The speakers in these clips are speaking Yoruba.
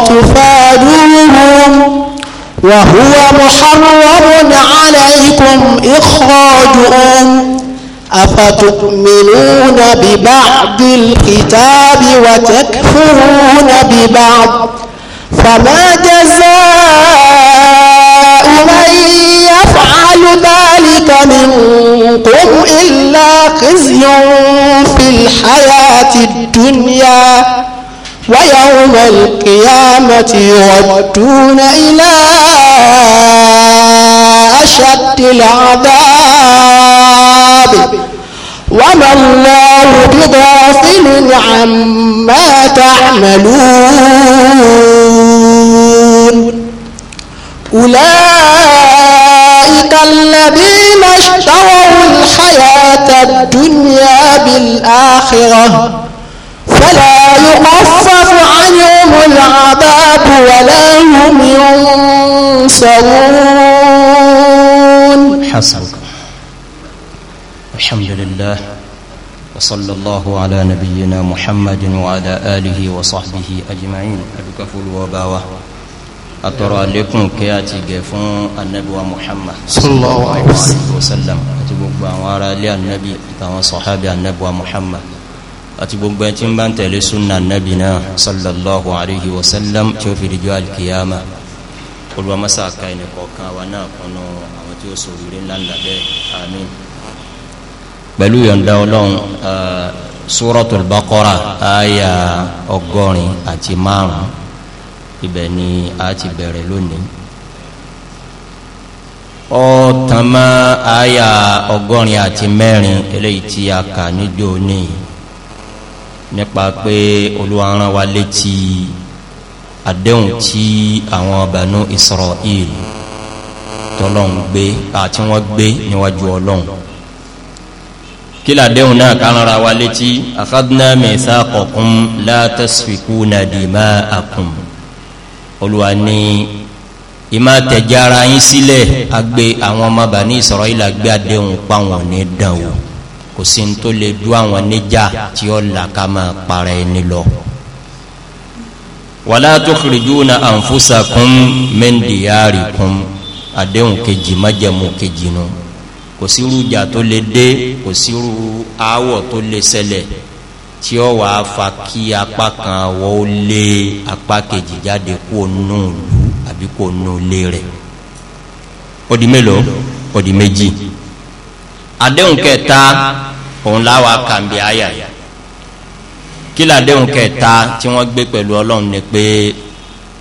وتفادوهم وهو محرم عليكم إخراجهم أفتؤمنون ببعض الكتاب وتكفرون ببعض فما جزاء من يفعل ذلك منكم إلا خزي في الحياة الدنيا ويوم القيامة يردون إلى أشد العذاب وما الله بغافل عما تعملون أولئك الذين اشتروا الحياة الدنيا بالآخرة فلا يخفف عنهم العذاب ولا هم ينصرون حسن الحمد لله وصلى الله على نبينا محمد وعلى آله وصحبه أجمعين أدكف وباوة أترى لكم كياتي قفون النبوة محمد صلى الله عليه وسلم أتبقى وعلى النبي وصحابي النبوة محمد àti gbogbo ẹni tí ń bá ń tẹ̀lé sunna nabi náà sallallahu alayhi wa sallam tí ó fi di jọ alikiyama olùwàmásá ka ẹni kọ̀ọ̀kan wa náà kọ́nà àwọn tí ó sọ òwúrẹ́ ńlá ńlá bẹ́ẹ̀ àmín. pẹ̀lú yọ̀ǹda ọlọ́run suratul baqara aya ọgọ́rin àti márùn-ún ibẹ̀ ni a ti bẹ̀rẹ̀ lónìí ọ̀tàmá àyà ọgọ́rin àti mẹ́rin eléyìí tí a kà níjó ní nípa pé olúwarán wa létí àdéhùn tí àwọn Banu Isra'il tọ́lọ́hun gbé àti wọ́n gbé níwájú ọlọ́hun kila denw naa kanra wa leti akadna mithaqakum la tasfikuna dima'akum Olúwa ni ìmá tẹ̀jára yín sílẹ̀ agbe àwọn ọmọ Bani Israila gbé àdéhùn pa wọn ní dàn kò sí ní tó lè du àwọn níjà tí ó là ká máa para ẹni lọ. wàlá tukhrijuna anfusakum min diyarikum àdéhùn kejì májẹ̀mú kejì nu kò sírú ìjà tó lè dé kò sírú aáwọ̀ tó lè ṣẹlẹ̀ tí ó wàá fa kí apá kan wọ́ ó lé apá kejì jáde kó nù lù àbí kó nù lé rẹ̀ ó di mélòó ó di méjì àdéhùn kẹta òun láwa kàǹbì àyà yìí kí làdéhùn kẹta tí wọ́n gbé pẹ̀lú ọlọ́run ni pé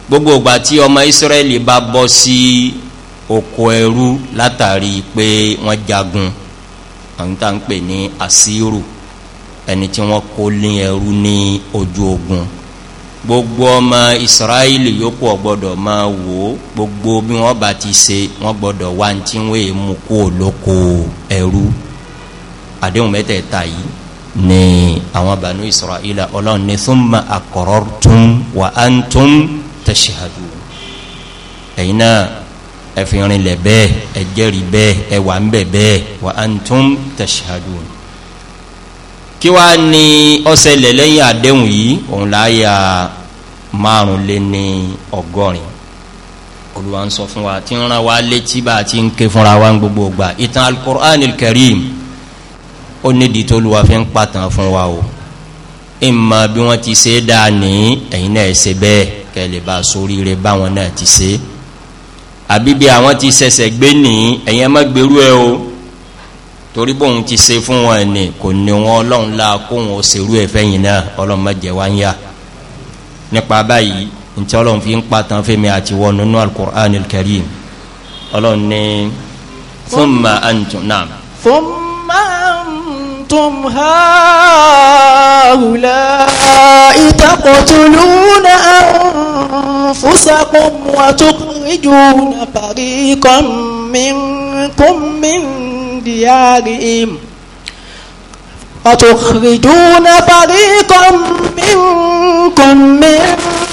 gbogbo ìgbà tí ọmọ Ísírẹ́lì bá bọ́ sí oko ẹrú látàrí pé wọ́n jagun àwọn tá à ń pè ní àsírù ẹni tí wọ́n kó lé ẹrú ní ojú ogun gbogbo ọmọ israeli yòókù ọgbọ́dọ̀ máa wò ó gbogbo bí wọ́n bá ti ṣe wọ́n gbọ́dọ̀ wá ní tí wọ́n è mú kó lóko ẹrú àdéhùn mẹ́tẹ̀ẹ̀ta yìí ni àwọn bànú israeli ọlọ́run ní thumma aqrartum wa antum tashhadun ẹ̀yin náà ẹ̀fìnrin lẹ̀ bẹ́ẹ̀ ẹ̀jẹ̀rì bẹ́ẹ̀ ẹ̀wà ń bẹ̀ bẹ́ẹ̀ wa antum tashhadun kí wàá ní ọ̀sẹ̀lẹ̀ lẹ́yìn àdéhùn yìí òun láàyà márùn lé ní ọgọ́rin olùwà ń sọ fún wa tí ń ran wa létí bá a ti ń ké fúnra wa gbogbo gbà ìtàn alukur'an karim ó nídìí tó olùwà fi ń pàtàn fún wa o ìmọ̀ bí wọ́n ti ṣe é dáa ní ẹ̀yin náà ṣe bẹ́ẹ̀ kẹ́ lè bá a sóríire báwọn náà ti ṣe àbí bí àwọn ti ṣẹ̀ṣẹ̀ gbé ní ẹ̀yin ẹ̀ má gbèrú ẹ o torí bóun ti ṣe fún wọn ni kò ní wọn ọlọ́run la kóun ó ṣerú ẹ̀fẹ́ yìí náà ọlọ́run má jẹ́ wá ń nípa báyìí ntí ọlọ́run fi ń pàtàn fẹ́mi àti wọn nínú alukur'an karim ọlọ́run ní thumma antum naam. thumma antum haulai taqtuluna anfusakum wa tukhrijuna fariqan minkum min. من ديارهم وتخرجون فريقا منكم من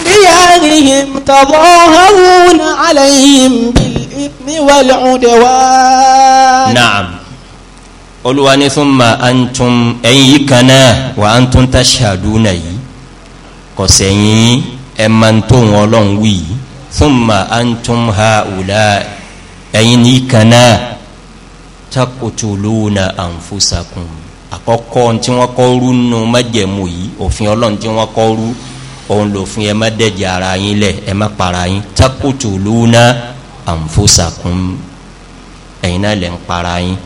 ديارهم تظاهرون عليهم بالإثم والعدوان نعم olúwa ní súnmà àǹtún ẹ̀yìn yìí kan náà wà á tún tá ṣàdúnà yìí kò sẹ́yìn ẹ̀ máa tó wọn ọlọ́run wí súnmà àǹtún ha òlà ẹ̀yìn yìí Takutuluna anfusakum àkọ́kọ́ tí wọ́n kọ́ rú nù májẹ̀mú yìí òfin ọlọ́run tí wọ́n kọ́ rú òun lòfin ẹ má dẹ̀jẹ̀ ara yín lẹ̀ ẹ má para yín taqtuluna anfusakum ẹ̀yin náà lẹ̀ ń para yín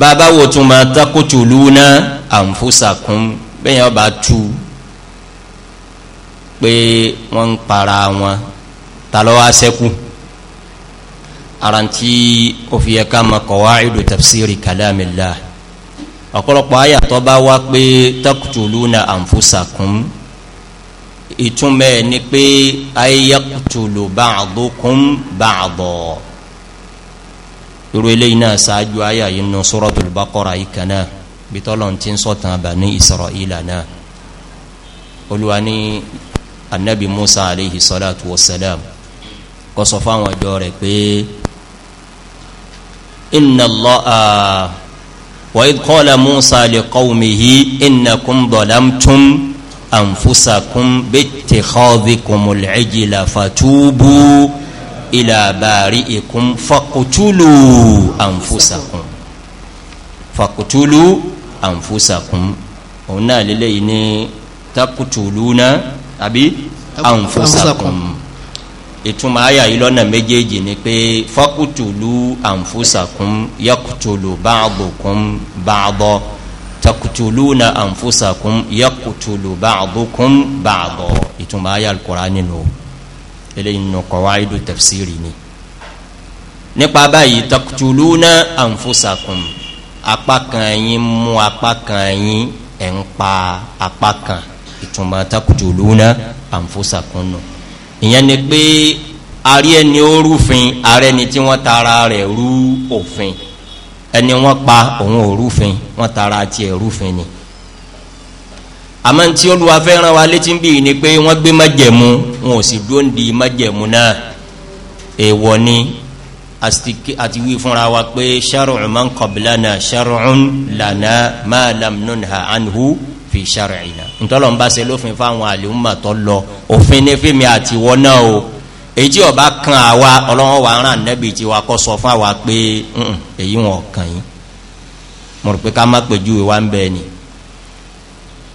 bàbá wo tún ma taqtuluna anfusakum bẹ́ẹ̀ yẹn bá tu pé wọ́n ń para wọn ta ló wá àrántí òfìyẹ ká ma qawaidu tafsiri kalamillah ọ̀pọ̀lọpọ̀ ayàtọ̀ bá wá pé taqtuluna anfusakum ìtumẹ̀ ni pé ayaktulu ba'dukum ba'da irú eléyìí náà ṣáájú ayà yìí nù suratul baqara yìí kan náà bitọ́lọ̀ ti ń sọ̀tàn bani isra'ila náà olúwa ní anabi musa aleyhi salatu wa salam kó fáwọn ọjọ́ rẹ̀ pé. إن الله وإذ قال موسى لقومه إنكم ظلمتم أنفسكم باتخاذكم العجل فتوبوا إلى بارئكم فاقتلوا أنفسكم فاقتلوا أنفسكم هنا لليني تقتلون أبي أنفسكم ìtumọ̀ àyà yìí lọ́nà méjèèjì ni pé fakutulu anfusakum yakutulu ba'dukum ba'da takutuluna anfusakum yakutulu ba'dukum ba'da ìtumọ̀ àyà al-Qur'ani nínú eléyìí nínú qawaidu tafsiri ni nípa báyìí takutuluna na apá kan yín mú apá kan yín ẹ̀ ń pa apá kan ìtumọ̀ takutuluna anfusakum nù. No ìyẹn ni pé arí ẹni ó rúfin ààrẹ ni tí wọ́n tara rẹ̀ rú òfin ẹni wọ́n pa òun ò rúfin wọ́n tara tiẹ̀ rúfin ni àmọ́ tí olúwa fẹ́ràn wa létí ń bì ní pé wọ́n gbé májẹ̀mú wọn ò sì dúró ń di májẹ̀mú náà èèwọ̀ ni àti wí fúnra wa pé shar'un man qablana shar'un lana ma lam nunha anhu fi ṣàrẹ̀yìnà ntọ́lọ̀ ń bá se lófin fáwọn àlèúmọ̀ tó lọ òfin ní fíìmì àti wọn náà o èyí tí ọba kan àwa ọlọ́wọ́n wa rán nẹ́bi tí wa kọ́ sọ fún àwa pé èyí wọn kàn yín mo rò pé ká má pè júwe wa ń bẹ ni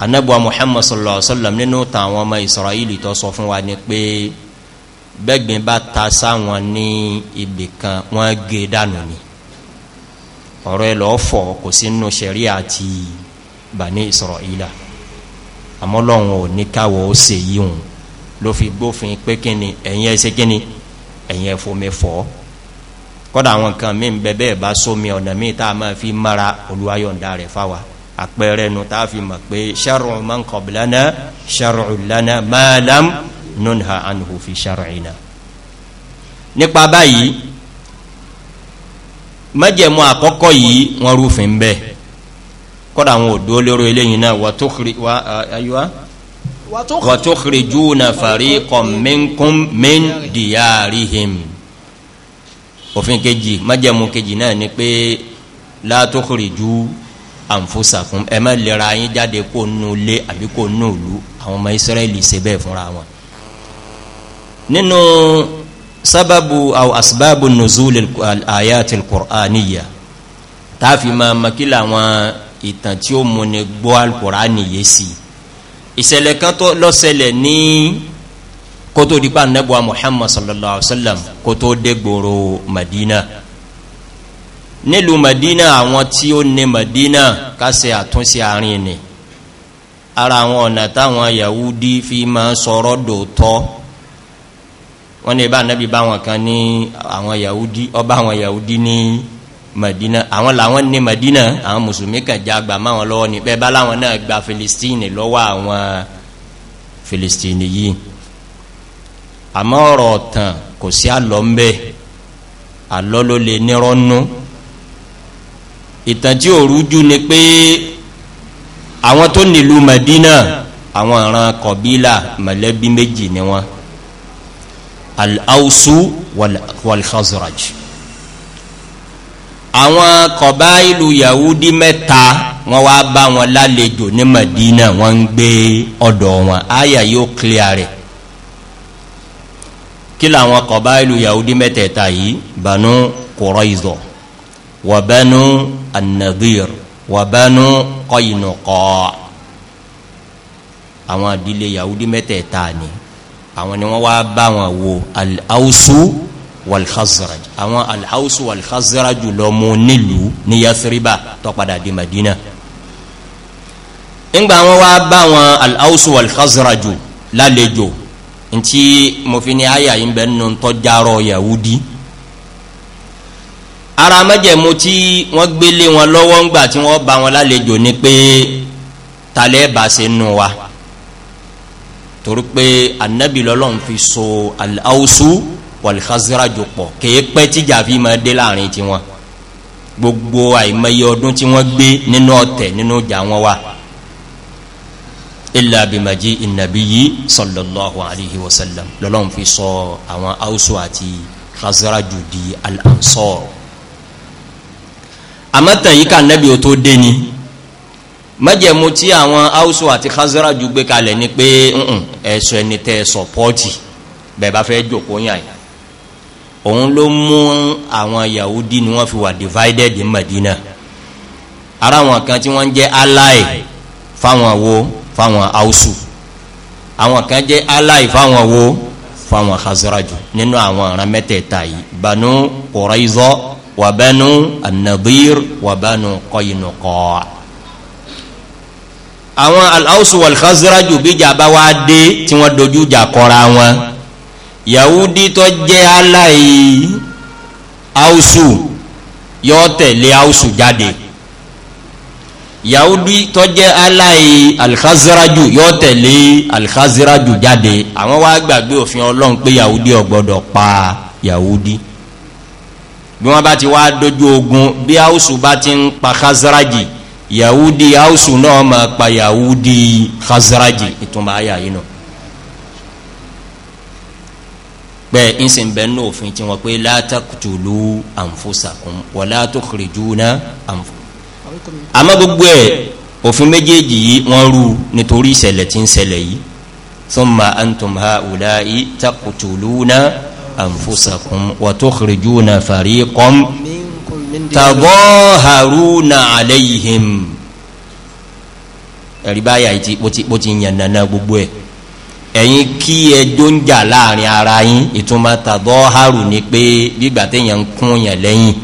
anabuwa muhammad sallallahu alaihi wa sallam nínú tàwọn ọmọ israẹli tó sọ fún wa ni pé bẹ́gbin bá ta sáwọn ní ibì kan wọ́n gé e dànù ni ọ̀rọ̀ ẹ lọ́ọ́ fọ̀ kò sínú sẹ̀rí àti bani isra'ila àmọ́ lọ́hùn ò ní káwọ́ ó ṣe yí hùn ló fi gbófin pé kíni ẹ̀yin ẹsẹ̀ kíni ẹ̀yin ẹ̀fọ́mi fọ́ kọ́dà àwọn nǹkan mí bẹ bẹ́ẹ̀ bá sómi ọ̀nà míì tá a máa fi mara olúwayọ̀ǹda rẹ̀ fáwa àpẹẹrẹ nu tá a fi mọ̀ pé shar'u man qablana shar'u lana ma lam nunha anhu fi shar'ina nípa báyìí májẹ̀mú àkọ́kọ́ yìí wọ́n rúfin bẹ́ẹ̀ kọ́dà àwọn òdó lérò eléyìn náà wàtókèrè jú na fàrí kọ̀mínkún mín dìyàrí him òfin kejì májẹ̀mú kejì náà ni pé látókèrè jú àǹfóṣàkún ẹ má lera yín jáde kó nù lé àbí kó nù lú àwọn ọmọ ìsírẹ́lì ṣe bẹ́ẹ̀ fúnra wọn nínú sábàbù àwọn asbábù nùzúlẹ̀ àyàtìl kùránìyà táàfin máa makílà wọn ìtàn tí ó mú ni gbọ́ alukurani yé sí i ìṣẹ̀lẹ̀ kan tó ló ní kótó dípa nẹ́bùa muhammad sallallahu alayhi wa sallam kótó dé gbòòrò madina nílùú madina àwọn tí ó ní madina ká ṣe àtúnṣe àárín ni ara àwọn ọ̀nà táwọn yahudi fi máa sọ̀rọ̀ dòótọ́ wọ́n ní ibà nẹ́bí bá wọn kan ní àwọn yahudi ọba àwọn yahudi ní. Ni madina àwọn làwọn ní madina àwọn musulmi kan já gbà máwọn lọ́wọ́ ní bẹ́ẹ̀ bá láwọn náà gba filistini lọ́wọ́ àwọn filistini yìí àmọ́ ọ̀rọ̀ ọ̀tàn kò sí àlọ́ ń nírọ́nú ìtàn tí ni pé àwọn tó nílù madina àwọn ìran kọ̀bílà mọ̀lẹ́bí méjì ni wọ́n al-ausu wal-khazraj wal àwọn kọ̀bá ìlú yahudi mẹ́ta wọ́n wá bá wọn lálejò ní madina wọ́n ń gbé ọ̀dọ̀ wọn àyà yóò clear rẹ̀ kí làwọn kọ̀bá ìlú yahudi mẹ́tẹ̀ẹ̀ta yìí banu kùrọ̀ìzọ̀ wà banu anadir wà banu kọ́ìnùkọ́ àwọn àdílé yahudi mẹ́tẹ̀ẹ̀ta ni àwọn ni wọ́n wá bá wọn wo al-ausu walhazraj àwọn alhausu walhazraj lọ mú nílùú ní yathriba tó padà di madina ńgbà wọn wá bá wọn alhausu walhazraj lálejò ntí mo fi ní àyà yìí bẹ́ẹ̀ nù tọ́járọ̀ yahudi ara mẹ́jẹ̀mú tí wọ́n gbélé wọn lọ́wọ́ ńgbà tí wọ́n bá wọn lálejò ni pé talẹ́ bá nù wa torí pé anabi lọ́lọ́run fi so al wàlìkásírajò pọ̀ kèé pẹ́ tíjà fi máa dé láàrin tiwọn gbogbo àìmọye ọdún tí wọ́n gbé nínú ọ̀tẹ̀ nínú ìjà wọn wà ilà abimaji ìnàbí yìí sallallahu alayhi wa sallam lọ́lọ́run fi sọ àwọn haúsù àti khazraju di al-ansor àmọ́tàn yìí ká nẹ́bí o tó dé ni májẹ̀mú tí àwọn haúsù àti khazraju gbé kalẹ̀ ni pé ẹ̀sùn ẹni tẹ́ sọ̀pọ́ọ̀tì bẹ́ẹ̀ bá fẹ́ jòkó yàn yìí òun ló mú àwọn yahudi ni wọ́n fi wà divided in madina ara wọn kan tí wọ́n jẹ́ ally fáwọn wo fáwọn hausu àwọn kan jẹ́ ally fáwọn wo fáwọn khazaraju nínú àwọn ọ̀ràn mẹ́tẹ̀ẹ̀ta yìí banu quraizo wa banu anadir wa banu qainuqa àwọn al hausu wal bíjà bá wá dé tí wọ́n dojú jà kọ́ra wọn yahudi tó jẹ́ aláì ausu yọ tẹ̀lé ausu jáde yahudi tó jẹ́ aláì alihaziraju yọ tẹ̀lé alihaziraju jáde àwọn wá gbàgbé òfin ọlọ́run pé yahudi ò gbọ́dọ̀ pa yahudi bí wọ́n bá ti wá dojú ogun bí ausu bá ti ń pa khaziraji yahudi ausu náà máa pa yahudi khaziraji ìtumọ̀ ayé àyínà. bẹ́ẹ̀ ń sìn bẹ́ẹ̀ ní òfin tiwọn pé látàkùtùlù ànfọ́sàkùn wọ́n látòkìrìjú náà ànfọ́. àmọ́ gbogbo ẹ̀ òfin méjèèjì yìí wọ́n rú nítorí ìṣẹ̀lẹ̀ tí ń ṣẹlẹ̀ yìí sọ́mà àǹtọ̀mà ọ̀la yìí tàkùtùlù náà ànfọ́sàkùn wọ́n tòkìrìjú náà fàrí kọ́m tàbọ̀ haruna aleyhim ẹ̀rí báyà yìí bó ti yànnàna gbogbo ẹ̀ ẹ̀yin kí ẹjọ́ ń jà láàrin ara yín ìtumọ̀ tàbọ̀ ni pé gbígbà téèyàn ń kún yàn lẹ́yìn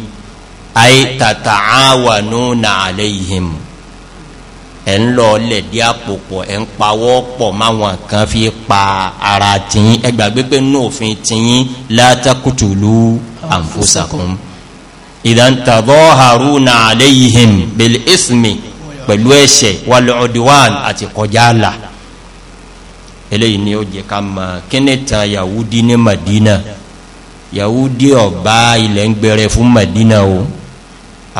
ayé tàtà àwànú nà àlẹ́ ìhìn ẹ̀ ń lọ lẹ̀dí àpòpọ̀ ẹ̀ ń pawọ́ pọ̀ máwọn kan fi pa ara tìyín ẹ gbàgbé pé nínú òfin tìyín látàkùtùlù àǹfọ̀sàkùn ìdántàbọ̀ haru nà àlẹ́ ìhìn bẹ̀lẹ̀ ìsìnmi pẹ̀lú ẹ̀ṣẹ̀ wàlúùdíwàn àti kọjá àlà eléyìí ni ó jẹ ká mọ̀ kíní tan yahudi ní madina yahudi ọba ilẹ̀ ń gbẹrẹ fún madina o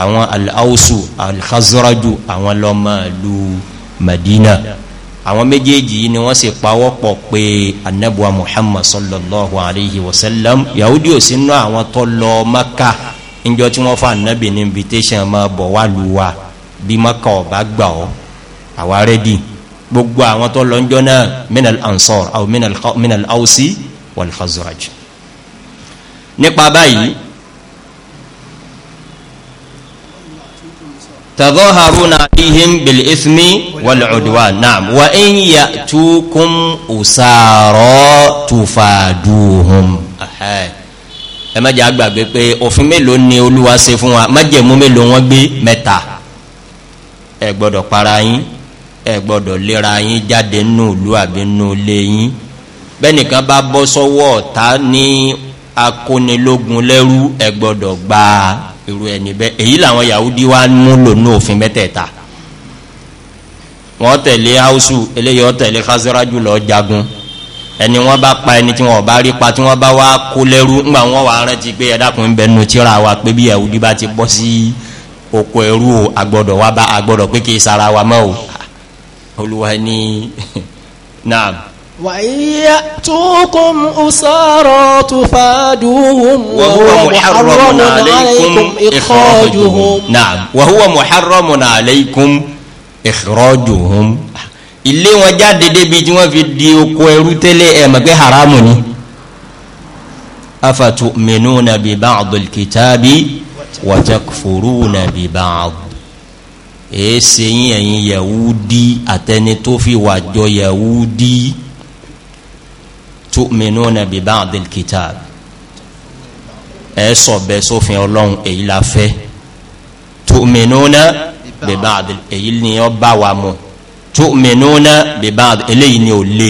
àwọn alhausu alhazoraju àwọn lọ́mọ lu madina àwọn méjèèjì yìí ni wọ́n sì pawọ́pọ̀ pé anabuwa muhammad sallallahu alayhi wa sallam yahudi ò sínú àwọn tó lọ maka níjọ tí wọ́n fa anabi ní invitation máa bọ̀ wá lu wa bí maka ọba gbà ọ́ àwa rẹ́díì gbogbo àwọn tó lọ ń jọ náà minal ansor aw minal ausi wal khazraj nípa báyìí tàdọ́haruna ihim bil ismi wal udwan naam wa in ya'tukum usara tufaduhum ẹ má jẹ́ pé òfin mélòó ni olúwa ṣe fún wa májẹ̀mú mélòó wọ́n gbé mẹ́ta ẹ gbọ́dọ̀ para yín ẹ gbọ́dọ̀ lera yín jáde nù ìlú àbí nù ilé yín bẹ́nìkan bá bọ́ sọ́wọ́ ọ̀tá ní akónilógun lẹ́rú ẹ gbọ́dọ̀ gba irú ẹni bẹ́ẹ̀ èyí làwọn yahudi wa ń múlò ní òfin mẹ́tẹ̀ẹ̀ta wọ́n tẹ̀lé hausu eléyìí wọ́n tẹ̀lé khazaraju lọ jagun ẹni wọ́n bá pa ẹni tí wọ́n bá rí pa tí wọ́n bá wá kó lẹ́rú ńgbà wọ́n wà rántí pé ẹ dákun bẹ nu tíra wa pé bí yahudi bá ti bọ́ sí oko ẹrú o agbọ́dọ̀ wa bá agbọ́dọ̀ pé kì í sara wa mọ́ o. Oluwani Naam Wa wàíyà tókùn ọ̀sárọ̀ tó fàájúhùn wàhúwà muharramun alaykum ikhrajuhum Wa huwa muharramun alaykum ikhrajuhum ilé wọn jáde débi tí wọ́n fi di oko tẹ́lẹ̀ ẹ̀mọ̀ haramu ni afatu'minuna bi ba'du al kitabi wa takfuruna bi ba'du èése yín ẹ̀yin yẹ̀wúdí àtẹni tó fi wà jọ yẹ̀wúdí tu'minuna bi ba'dil kitab ẹ sọ̀bẹ sófin ọlọ́run èyí la fẹ́ tu'minuna bi ba'dil èyí ni ọ bá wa mu tu'minuna bi ba'd eléyìí ni ò le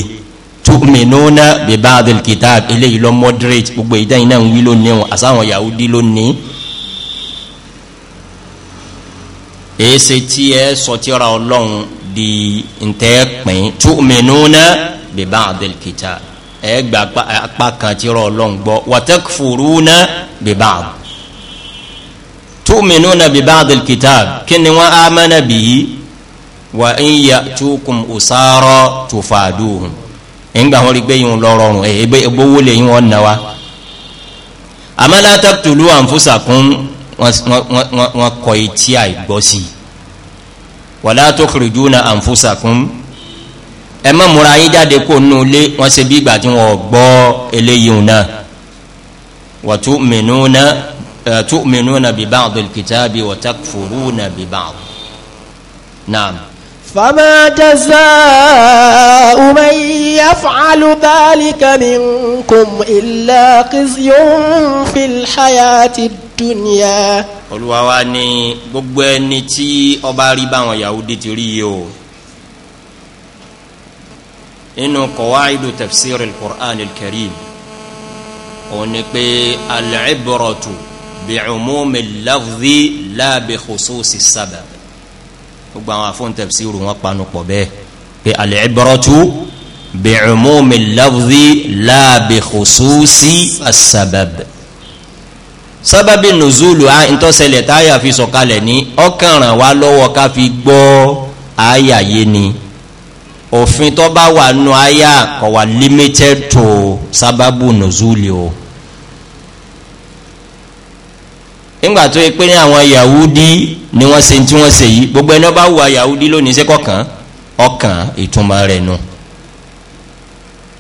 tu'minuna bi ba'dil kitab eléyìí lọ moderate gbogbo ìdáyìn náà ń wí lónìí o àsáwọn yahudi lónìí. èése tí ẹ sọ tí ra ọlọ́run di ntẹ́ pín tu'minuna bi ba'dil kitab ẹ gba apá kan tí ra ọlọ́run gbọ́ wa takfuruna bi ba'd tu'minuna bi ba'dil kitab kí ni wọ́n amana bihi wa in ya'tukum usara tufaduhum ìgbà wọn rí gbé yìí lọ́rọ̀rùn ẹ̀ ẹ̀ gbówó lè wọn nà wa amala taqtulu anfusakum wọ́n kọ etí àìgbọ́ sí i wàlá tukhrijuna anfusakum ẹ má múra yín jáde kó nù lé wọ́n ṣe bí ìgbà tí wọ́n gbọ́ eléyìí náà wa tu'minuna tu'minuna bi ba'dil kitabi wa takfuruna bi ba'd. Naam. فما جزاء من يفعل ذلك منكم إلا خزي في الحياة الدنيا Olúwa wa ní gbogbo ẹni tí ó bá rí báwọn Yahudi ti rí yìí o nínú kọ̀wáìdù tafsir al-Qur'an al-Karim òun ni pé al-ibratu bi umumi al-lafzi la bi khususi as-sabab gbogbo àwọn afọ́ntẹ̀sí rò wọ́n panu pọ̀ bẹ́ẹ̀ pé al-ibratu bi'umumi al-lafzi la bi khususi as-sabab sábàbí nùzúlù à ń tọ́sẹ̀lẹ̀ táyà fi sọ̀kalẹ̀ ní ọkàn ràn wá lọ́wọ́ ká fi gbọ́ àyà yé ni òfin tó bá wà nù àyà kò wà limited to sábàbù nùzúlù o. nígbà tó yẹ pé ní àwọn yahudi ni wọ́n se tí wọ́n se yìí gbogbo ẹni ọba wù yahudi lónìí sẹ́kọ̀kan ọkàn ìtumọ̀ rẹ̀ nù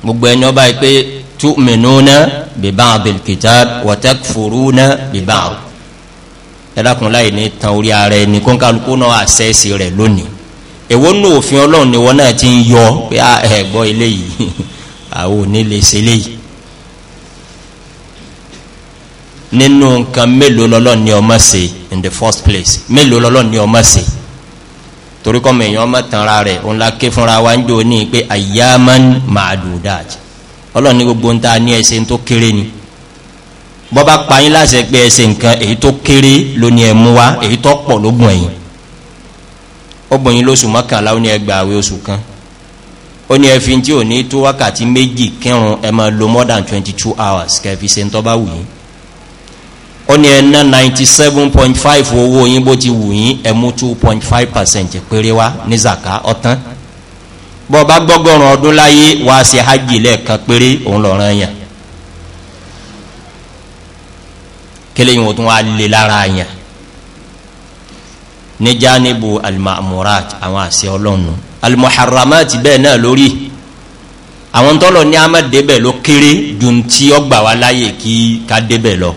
gbogbo ẹni ọba yìí pé tú mìnúnà bìbá abelkita wọ́tẹ́ fòrúnà bìbá o ẹlẹ́kùn láyé ní tan orí ara ẹni kó kálukú náà àṣẹ́sì rẹ̀ lónìí èwo nù òfin ọlọ́run ni wọ́n náà ti ń yọ pé ah, ẹ̀ gbọ́ eléyìí àwọn ò ní lè ṣe eléyìí nínú nǹkan mélòó lọ́lọ́ ni ọmọ ṣe in the first place mélòó lọ́lọ́ ni ọmọ ṣe torí kọ́ mẹ̀yìn ọmọ tanra rẹ̀ òun la ké fúnra wa ń jò ní pé ayaman maadudat ọlọ́ni gbogbo ń ta ní ẹsẹ̀ tó kéré ni bọ́ba payín láṣẹ pé ẹsẹ̀ nǹkan èyí tó kéré ló ní ẹ̀mú wa èyí tó pọ̀ ló bùn ẹ̀yìn ó bùn yín lóṣù mọ́kànlá ó ní ẹgbàá àwẹ̀ oṣù kan ó ní ẹfin tí ò ní tó wákàtí méjì kírun ẹ máa lo more than twenty two hours kẹfì ṣe ń tọ́ bá wù yín ó ní ninety seven point five owó yín bó ti wù yín ẹ̀mú two point five percent péré wá ní zaka ọ̀tán bọ́ ọba gbọ́gọ́rùn ọdún láyé wàá ṣe hajj lẹ́ẹ̀kan péré òun lọ́ràn yàn kéléyìn wò tún wá lé lára yàn níjà níbo alimamurat àwọn àṣẹ ọlọ́nu alimuharamat bẹ́ẹ̀ náà lórí àwọn tọ́lọ̀ ní amadebẹ̀ ló kéré ju ti ọgbà wa láyè kí ká débẹ̀ lọ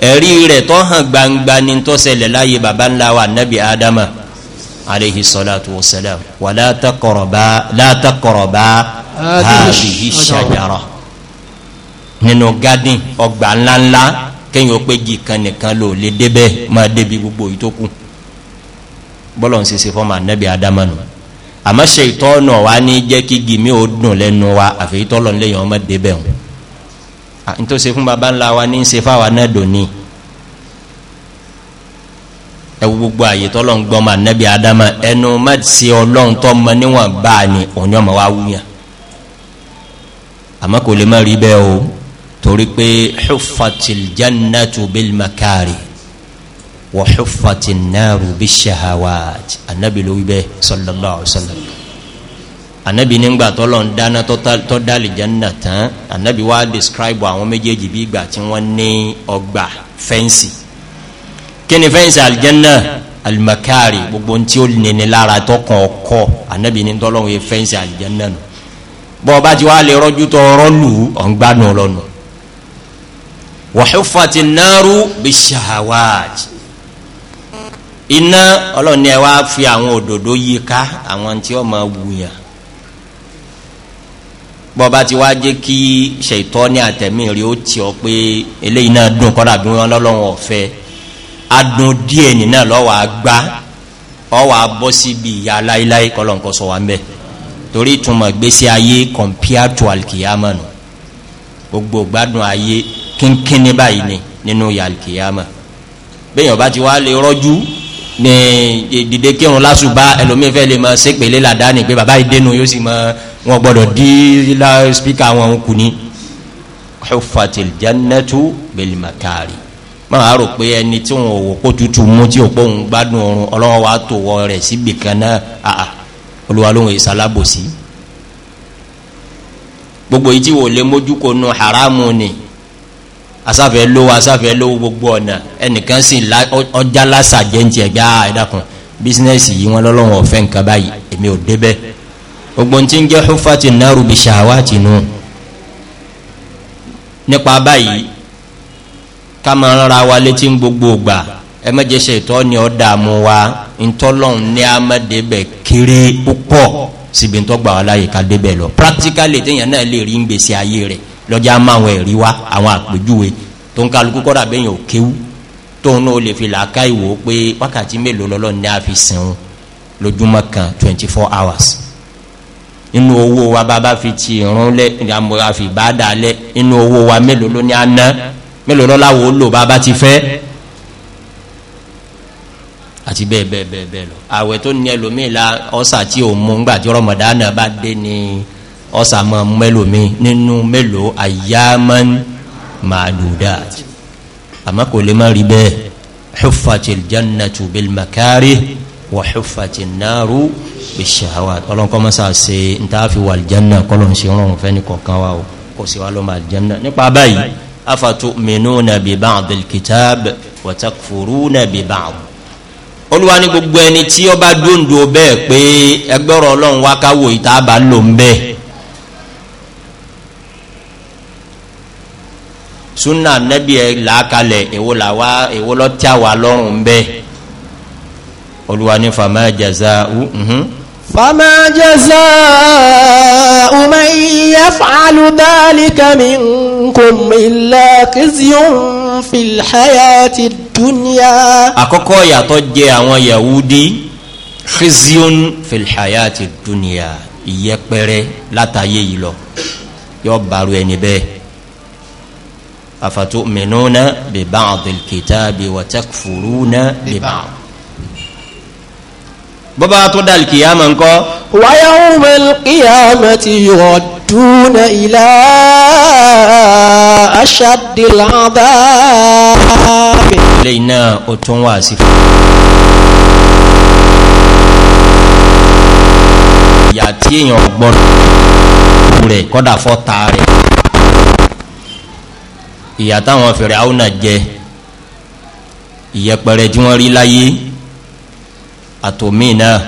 ẹ̀rí rẹ̀ tó hàn gbangba ni tó ṣẹlẹ̀ láyé baba ńlá wa nabi adama aleyhi salatu wa salam wa la taqrabu la taqrabu hadhihi shajara nínú garden ọgbà ńláńlá kéyìn ó pé jì kan nìkan ló lè débẹ̀ máa débi gbogbo ìtókù bọ́lọ̀ ń ṣe ṣe fọ́mà nabi adama nù àmọ́ ṣe ìtọ́nà wa ní jẹ́ kí gimi ó dùn lẹ́nu wa àfẹ́yìntọ́ lọ́nlẹ́yìn ọmọ débẹ̀ wọn. Ah, n tó ṣe fún baba ńlá wa ní ṣe fáwa náà dòní ẹwú gbogbo àyè tọ́lọ̀ ń gbọ́mọ anabi adama ẹnu má ṣe ọlọ́run tó mọ níwọ̀n bá a ní òun yọmọ wa wúyàn àmọ́ kò lè má rí bẹ́ẹ̀ o torí pé xufatil jannatu bil makari wa xufatil naaru bi shahawat anabi ló wí bẹ́ẹ̀ sallallahu alayhi wa sallam ànábì nígbà tọ́lọ̀ ń dáná tọ́ dálì jẹ́nà tán ànábì wá describe àwọn méjèèjì bí ìgbà tí wọ́n ní ọgbà fẹ́ǹsì kí ni fẹ́ǹsì àlìjẹ́nà alimakari gbogbo tí ó nìní lára tọkàn ọkọ ànábì ní tọ́lọ̀ ń fẹ́ǹsì àlìjẹ́nà nù bọ́ ọba tí wàá lè rọ́jú tọ́ rọ́lù ọ̀ngbánu lọ́nu wàhúfàtì náírù bí ṣahawáàjì iná ọlọ́ni ẹ wá fi àwọn òdòdó yí àwọn tí ó wùyàn bọba ti wá jẹ́ kí ṣètọ́ ní àtẹ̀mí rí ó tì ọ́ pé eléyìí náà dùn kọ́dà bí wọ́n lọ́lọ́wọ́n ọ̀fẹ́ adùn díẹ̀ nínà lọ́wọ́ àgbá ọwọ́ abọ́ síbi ìyá láéláé kọ́lọ́nkọ́ sọ wá ń bẹ̀ torí ìtumọ̀ gbèsè ayé compare to alkiyama nù gbogbo gbádùn ayé kínkínní báyìí ni nínú ìyá alkiyama bẹ́ẹ̀ yọ̀ọ́ bá ti wá lè rọ́jú ní dìde kírun lásùbá ẹlòmíín fẹ́ lè mọ sépèlé làdáni pé bàbá ìdénu yóò sì mọ wọn gbọdọ̀ dí la spíkà wọn kù ní. huffatil jannatu bil makari máa rò pé ẹni tí wọn ò wò kó tutù mú tí ò òun gbádùn oorun ọlọ́wọ́ wa tó wọ rẹ̀ síbi kan náà àà olúwa lóhùn ìsalábòsí. gbogbo yìí tí wò lè mójú nu haramu ni asáfẹ́ lówó asáfẹ́ lówó gbogbo ọ̀nà ẹnìkan sì ọjà lásà jẹ́ǹtì ẹ̀gá ẹ̀dàkùn bísínẹ́sì yìí wọn lọ́lọ́wọ́ ọ̀fẹ́ nǹkan báyìí èmi ò débẹ̀ gbogbo tí ń jẹ́ hufati náírù bí ṣàwátì nù nípa báyìí ká máa rárá wa létí ń gbogbo gbà ẹ mẹ́jẹ ṣe ìtọ́ ni ọ́ dààmú wa ntọ́lọ́hún ní amẹ́dẹ́bẹ̀ kéré púpọ̀ síbi ń wa láyè ká débẹ̀ lọ practically téèyàn náà lè rí ń gbèsè ayé rẹ̀ lọ́jà máa àwọn ẹ̀rí wa àwọn àpèjúwe tó ń kálukú kọ́dà bẹ́yìn ò kéwú tóun náà lè fi làákà ìwò pé wákàtí mélòó lọ́lọ́ ní a lójúmọ́ kan twenty four hours inú owó wa bàbá fi ti irun lẹ àmúra fi bá dà lẹ inú owó wa mélòó ló ní a ná mélòó lọ́la wo lò bàbá ti fẹ́ àti bẹ́ẹ̀ bẹ́ẹ̀ bẹ́ẹ̀ lọ àwẹ̀ tó ní ẹlòmíì la ọ̀sà tí ò mú ńgbà rọmọdánà bá dé ni ọsà mọ mẹlòmí nínú mélòó ayyaman ma'dudat àmọ́ kò lè má rí bẹ́ẹ̀ huffatil jannatu bil makarih wa huffatin naru bishahawat ọlọ́nkọ́ mọ́sá ṣe ń tá fi wà aljanna kọ́lọ̀ ń ṣe rọrùn fẹ́ ní kọ̀ọ̀kan wa o kò sí wa lọ́mọ aljanna nípa báyìí afatu'minuna bi ba'dil kitab wa takfuruna bi ba'd olúwa ní gbogbo ẹni tí ó bá bẹ́ẹ̀ pé ẹgbẹ́rọ ọlọ́run wá káwò ìta bá lò ń bẹ́ẹ̀ sunna anabi ẹ làákalẹ̀ èwo là wá èwo lọ tí a wà lọ́rùn bẹ́ẹ̀ olùwà ní fama jaza u. Mhm. fama jaza u man yaf'alu dhalika minkum illa khizyun fil dunya. àkọ́kọ́ yàtọ̀ jẹ àwọn yahudi khizyun fil hayati dunya ìyẹpẹrẹ látàyè yìí lọ yọ bàrú ẹni bẹ́ẹ̀ afatu'minuna bi ba'dil kitabi wa takfuruna bi ba'd bọ́bá tó dá alkiyama ń kọ́ wa yawmal qiyamati yu'adduna ila ashaddil adhab ilé iná ó tún wà sí fún èèyàn gbọ́dọ̀ rẹ̀ kọ́dà fọ́ta rẹ̀ ìyà táwọn fẹ̀rẹ̀ áwùnà jẹ ìyẹpẹrẹ tí wọ́n rí láyé àtòmí náà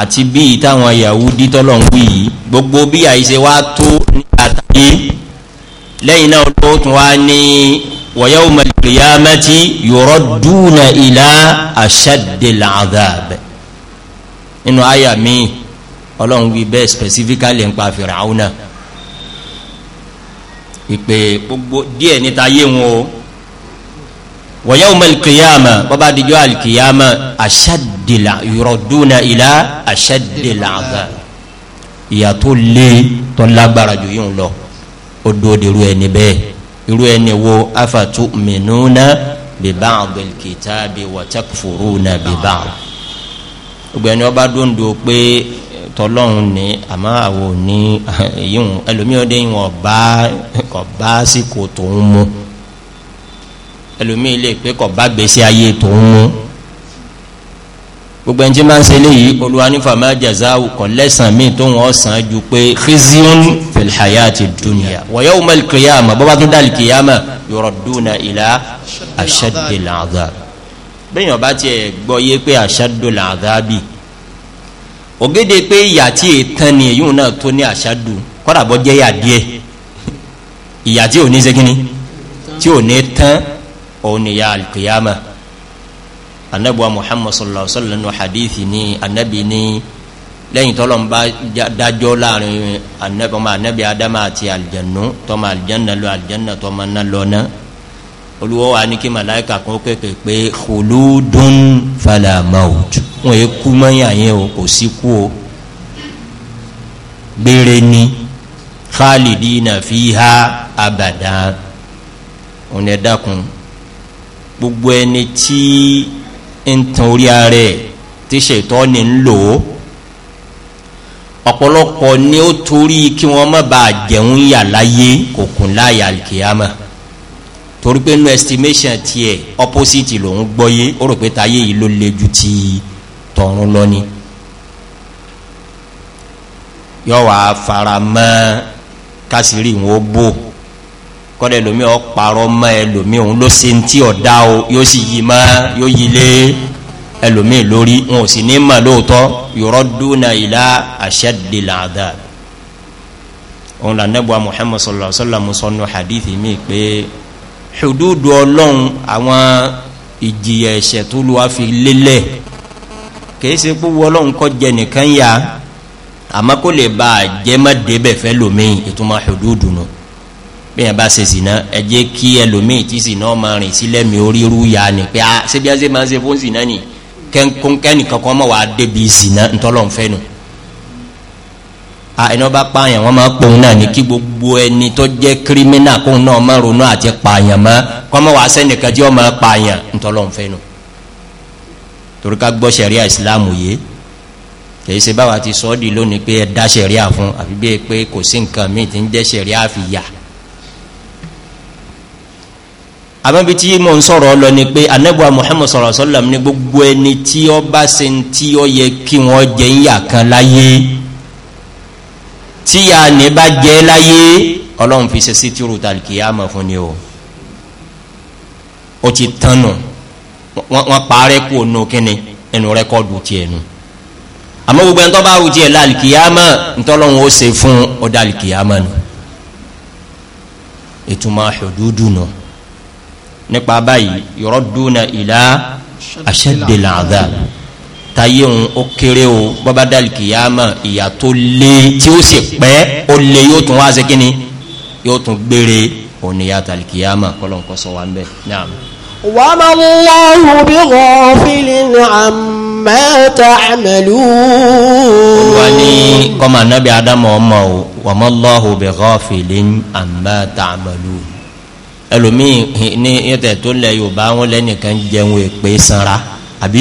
àti bí ìtàwọn Yahudi tọ́lọ̀ ń wí yìí gbogbo bí àìṣe wá tó ní àtàyé lẹ́yìn náà ló tún wá ní wa yawma al-qiyamati yuradduna ila ashaddil nínú àyà mi ọlọ́run wí bẹ́ẹ̀ specifically ń pa Fir'auna náà ìpè gbogbo díẹ̀ níta yé wọn o wa yawmal qiyama bọ́bá dijọ́ alkiyama aṣadìlà yuraduna ila aṣadìlà àgbà ìyà tó lé tó lágbára jù yìí ń lọ ó dúró de irú ẹni bẹ́ẹ̀ irú ẹni wo afatu'minuna bi ba'dil kitabi wa takfuruna bi ba'd gbogbo ẹni ọba dóńdó pé tọ́lọ́run ní àmọ́ àwò ní èyíhùn ẹlòmíọ́ dé ìwọ̀n bá kọ̀ bá síkò tòun mu ẹlòmíì lè pé kọ̀ bá gbèsè ayé tòun mu gbogbo ẹni tí máa ń ṣe léyìí olúwa ní fama jaza kọ lẹ́sàn míì tó wọ́n sàn ju pé khizyun fil hayati dunya wa yawmal qiyamah bọ́bá tó dàlí kìyàmà yuraduna ila ashaddil adhab bẹ́ẹ̀ yọ̀ọ́ bá tiẹ̀ gbọ́ yé pé ashaddil adhabi bíi ògede pé ìyà tí ètàn ni èyí náà tó ní àṣàdù kọ́dà bọ́ jẹ́ ìyà díẹ̀ ìyà tí ò ní segin tí ò ní tán òun ni ìyà alkiyama anabuwa muhammad sallallahu alaihi wa sallam nu hadithi ni anabi ni lẹ́yìn tọ́lọ̀ ń bá dájọ́ láàrin ọmọ anabi adama àti aljannu tọ́mọ aljanna lọ aljanna tọ́mọ náà náà olùwọ́ wa ní kí màláìka kan kéèké pé khuludun fala maut wọn yé kú mọ́yà yẹn o kò sí kú o gbére ni khalidina fiha abada òun ẹ dákun gbogbo ẹni tí ń tan orí ara ẹ tí ṣètọ́ ni ń lò ó ọ̀pọ̀lọpọ̀ ni ó torí kí wọ́n má bàa jẹun yà láyé kò láyà kìámà torí pé nínú estimation tiẹ̀ opposite lòún gbọ́yé ó rò pé táyé yìí ló le ju ti tọ̀run lọ ni yọ fara mọ́ kásìrì wọn ó bò kọ́dẹ̀ lomi ọ parọ́ mọ́ ẹ lomi òun ló ṣe ń tí ọ̀dá o yóò sì yí mọ́ yóò yí lé ẹlòmí lórí wọn ò sì ní mọ̀ lóòótọ́ yọ̀rọ̀ dúnà ìlà àṣẹ dìlà àdá òun là nẹ́bùa Muhammad sallallahu alaihi wa sallam sọ́nù hadithi mi pé hududu ọlọ́run àwọn ìjìyà ẹ̀ṣẹ̀ tó lu wa fi lélẹ̀ kìí ṣe gbogbo ọlọ́run kọ́ jẹ nìkan yá àmọ́ kó lè ba àjẹmọ́débẹ̀ fẹ́ lòmíì ìtumọ̀ hududu nù bí yẹn bá ṣe sìnà ẹ jẹ́ kí ẹlòmíì tí sìnà ọmọ rìn sílẹ̀ mi oríru yá ni pé a ah, ṣé bí a ṣe máa ṣe fún sìnà ni kẹ́ńkọ́ńkẹ́ nìkan kan mọ̀ wá débi sìnà ntọ́lọ́nfẹ́ nù ẹni ọba pààyàn wọn máa pòun náà ní kí gbogbo ẹni tó jẹ́ kírímínà kóun náà máa ronú àti pààyàn mọ́ kọ́mọ wàá sẹ́nìkan tí ó máa pààyàn ntọ́lọ́hún fẹ́ nu torí ká gbọ́ sẹ̀ríà ìsìláàmù yìí kìí ṣe báwa ti sọ ọ́ di lónìí pé ẹ dá sẹ̀ríà fún àfi bíi pé kò sí nǹkan míì tí ń jẹ́ sẹ̀ríà fi yà àmọ́bi tí mo ń sọ̀rọ̀ lọ ni pé anabuwa muhammed sọ̀rọ̀ sọ́lá ní gbogbo ẹni tí ó bá ṣe ń tí yẹ kí wọ́n jẹ́ ń yà kan láyé tí ya ní bá jẹ́ láyé ọlọ́run fi ṣe sí tìrù tàlìkìyàmọ̀ fún ni o ó ti tánu wọ́n parẹ́ kú ònú kíni ẹnu rẹ́kọ́dù tiẹ̀ nu àmọ́ gbogbo ẹni tó bá wù tiẹ̀ lálìkìyàmọ̀ ntọ́lọ́run ó ṣe fún ọ̀dà àlìkìyàmọ̀ nu ìtumọ̀ àṣọdúdú nípa báyìí yọ̀rọ̀ dúnà ìlà àṣẹ́dẹ̀lẹ̀ àdáàbò táyé òun ó kéré o bọ́bá dàlìkì yá mọ̀ ìyà tó lé tí ó sì pẹ́ ó lé yóò tún wá sí kínní yóò tún gbére òun ìyà tàlìkì yá mọ̀ kọ́lọ̀ nǹkan sọ wa ń bẹ̀ náà. وما الله بغافل عما تعملون ولي كما نبي آدم وما وما الله بغافل عما تعملون ẹlòmíì ní ètò tó lẹ yorùbá wọn lẹnìkan jẹun èpè sanra àbí